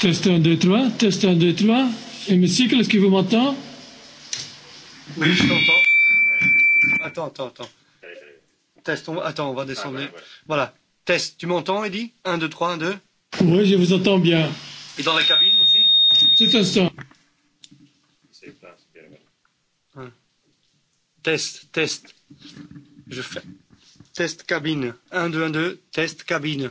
Test 1, 2, 3, test 1, 2, 3. Hémicycle, est-ce qu'il vous m'entend Oui, je t'entends. Attends, attends, attends. Test, on... Attends, on va descendre. Ah, ouais, ouais. Voilà. Test, tu m'entends, Eddy 1, 2, 3, 1, 2. Oui, je vous entends bien. Et dans la cabine aussi Tout instant. C'est Test, test. Je fais. Test cabine. 1, 2, 1, 2. Test cabine.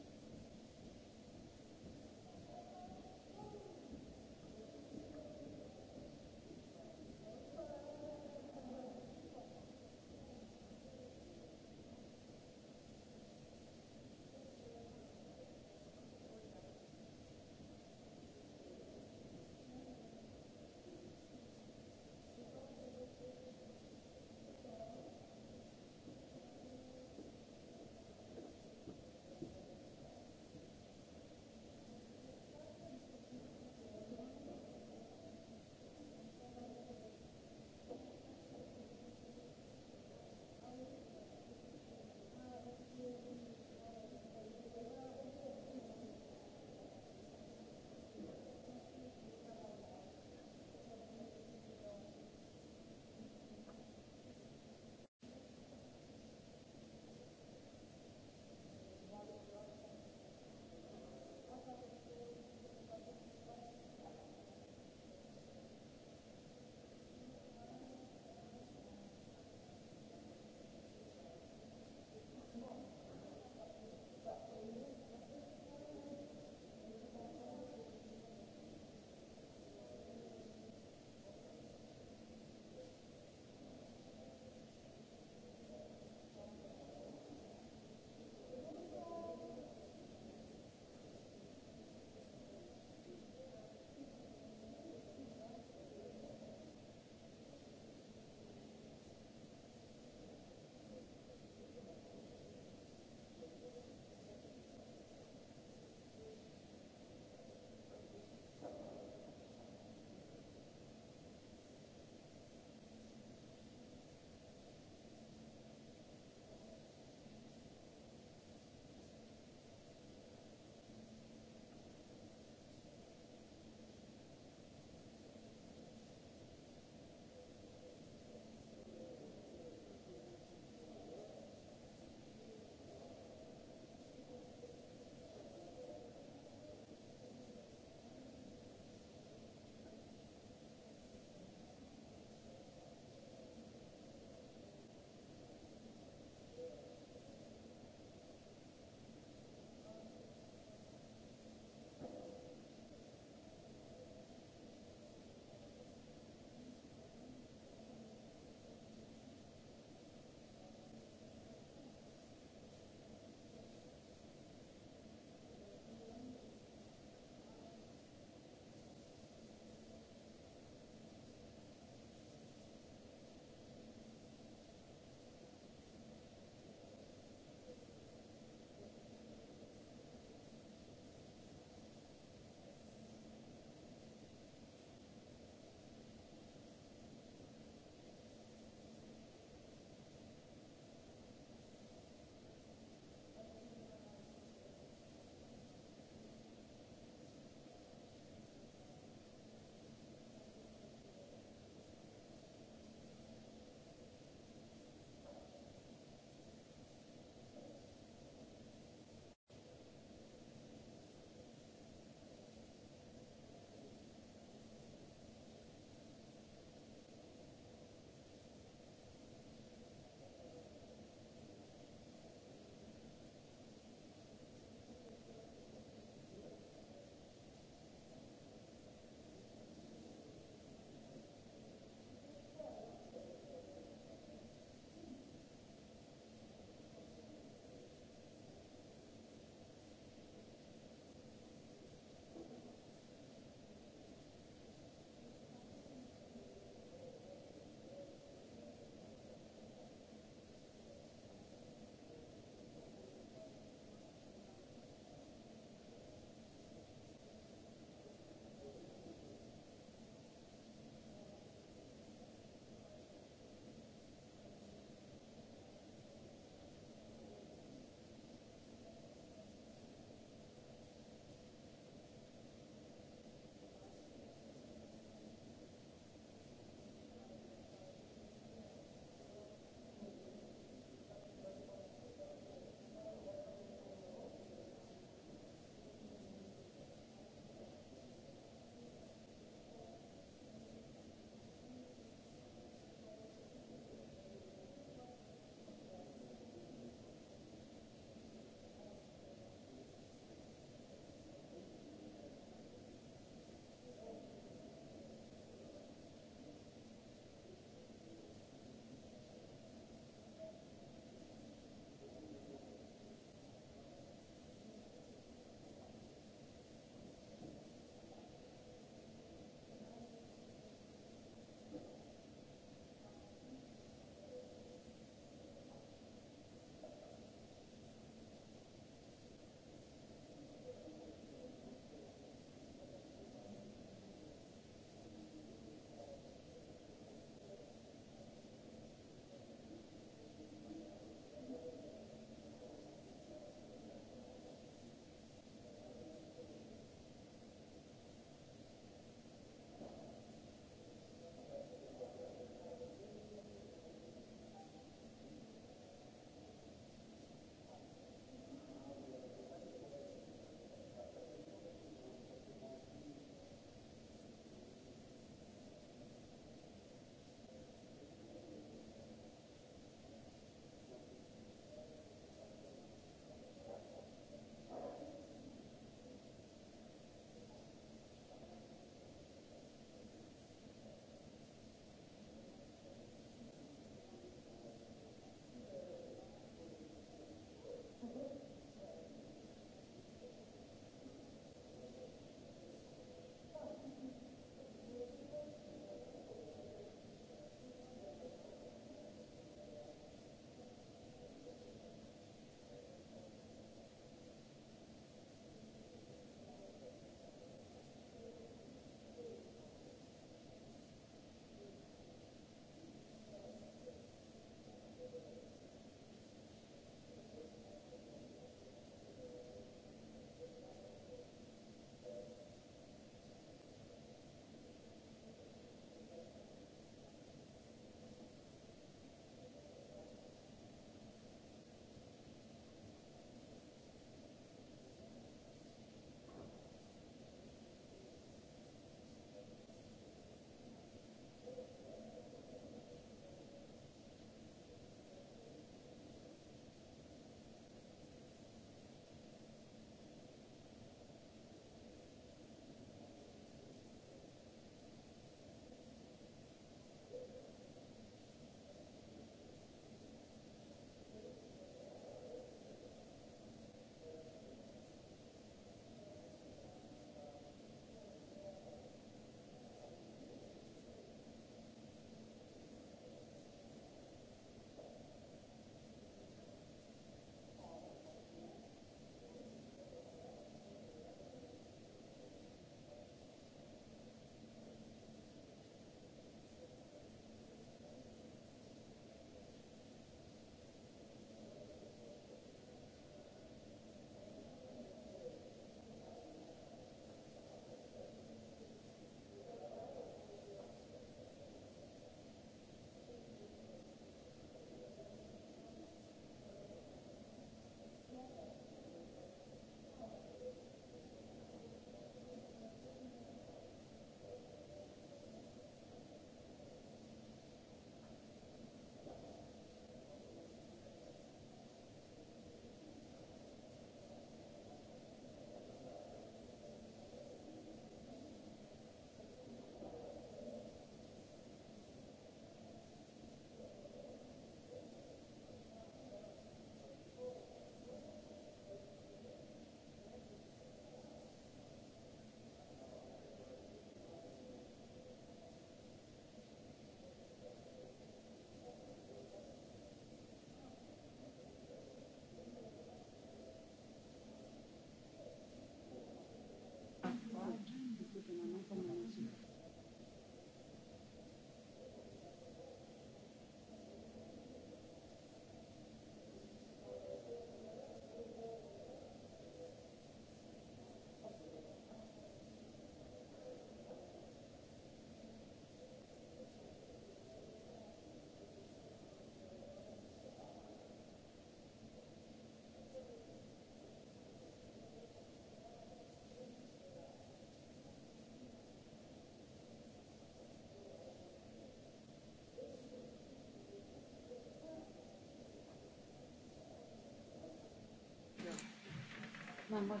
Ma'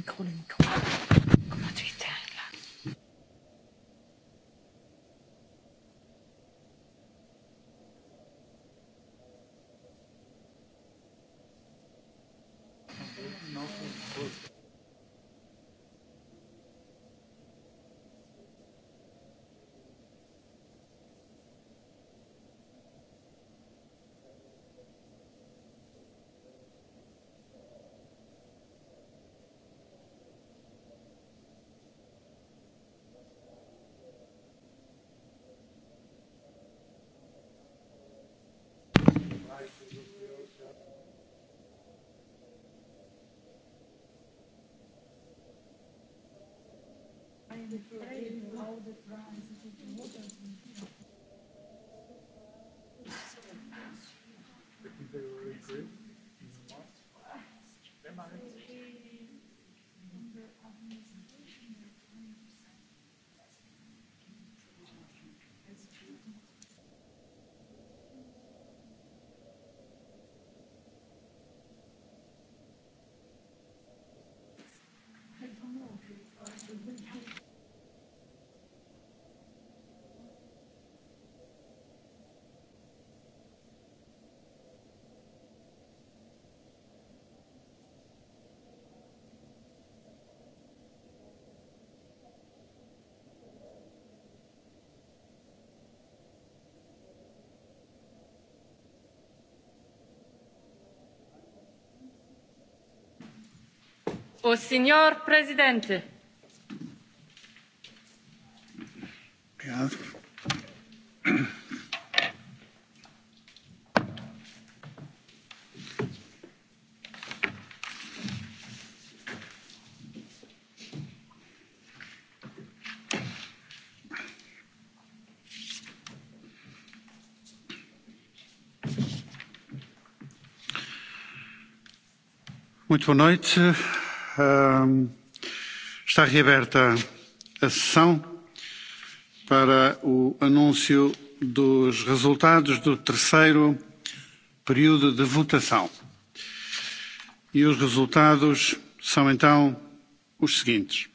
mikro, le mikro. O signor Presidente. Ja. Muito boa noite está reaberta a sessão para o anúncio dos resultados do terceiro período de votação. E os resultados são então os seguintes.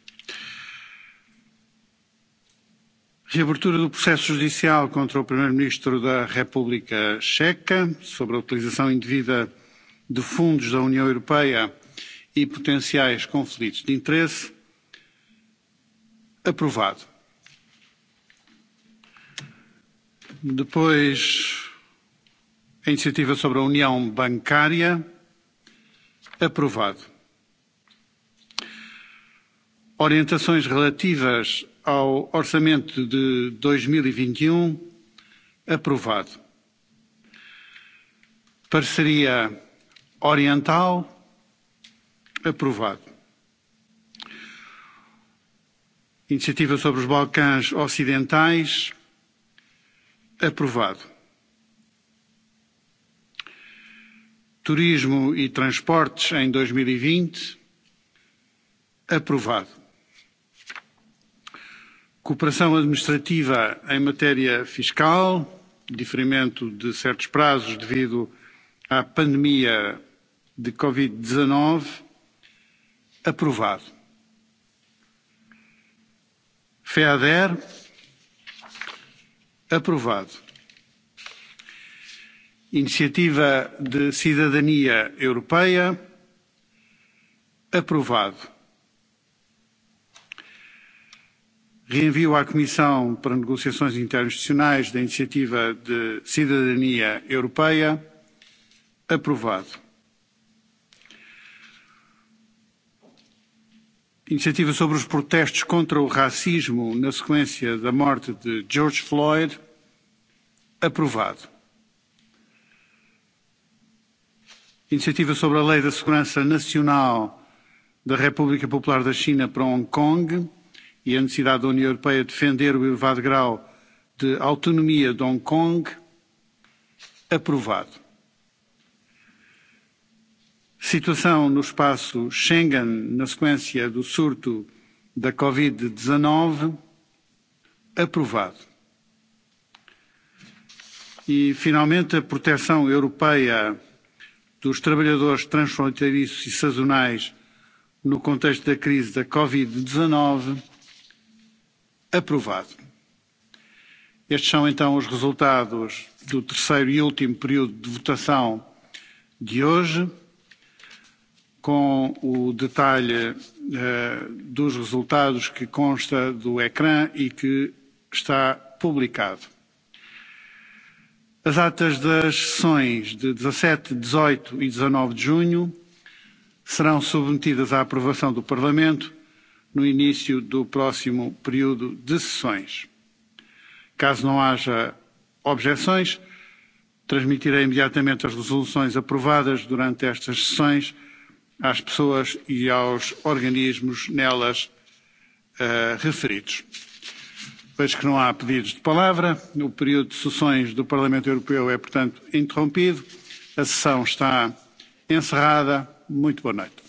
Reabertura do processo judicial contra o Primeiro-Ministro da República Checa sobre a utilização indevida de fundos da União Europeia e potenciais conflitos de interesse. Aprovado. Depois, a iniciativa sobre a União Bancária. Aprovado. Orientações relativas ao orçamento de 2021. E e um, aprovado. Parceria Oriental aprovado. Iniciativa sobre os Balcãs Ocidentais, aprovado. Turismo e Transportes em 2020, e aprovado. Cooperação administrativa em matéria fiscal, diferimento de certos prazos devido à pandemia de Covid-19, aprovado. FEADER, aprovado. Iniciativa de Cidadania Europeia, aprovado. Reenvio à Comissão para Negociações Internacionais da Iniciativa de Cidadania Europeia, aprovado. iniciativa sobre os protestos contra o racismo na sequência da morte de George Floyd, aprovado. Iniciativa sobre a Lei da Segurança Nacional da República Popular da China para Hong Kong e a necessidade da União Europeia de defender o elevado grau de autonomia de Hong Kong, aprovado situação no espaço Schengen na sequência do surto da Covid-19, aprovado. E, finalmente, a proteção europeia dos trabalhadores transfronteiriços e sazonais no contexto da crise da Covid-19, aprovado. Estes são então os resultados do terceiro e último período de votação de hoje com o detalhe uh, dos resultados que consta do ecrã e que está publicado. As atas das sessões de 17, 18 e 19 de junho serão submetidas à aprovação do Parlamento no início do próximo período de sessões. Caso não haja objeções, transmitirei imediatamente as resoluções aprovadas durante estas sessões às pessoas e aos organismos nelas eh, referidos. Vejo que não há pedidos de palavra. O período de sessões do Parlamento Europeu é, portanto, interrompido. A sessão está encerrada. Muito boa noite.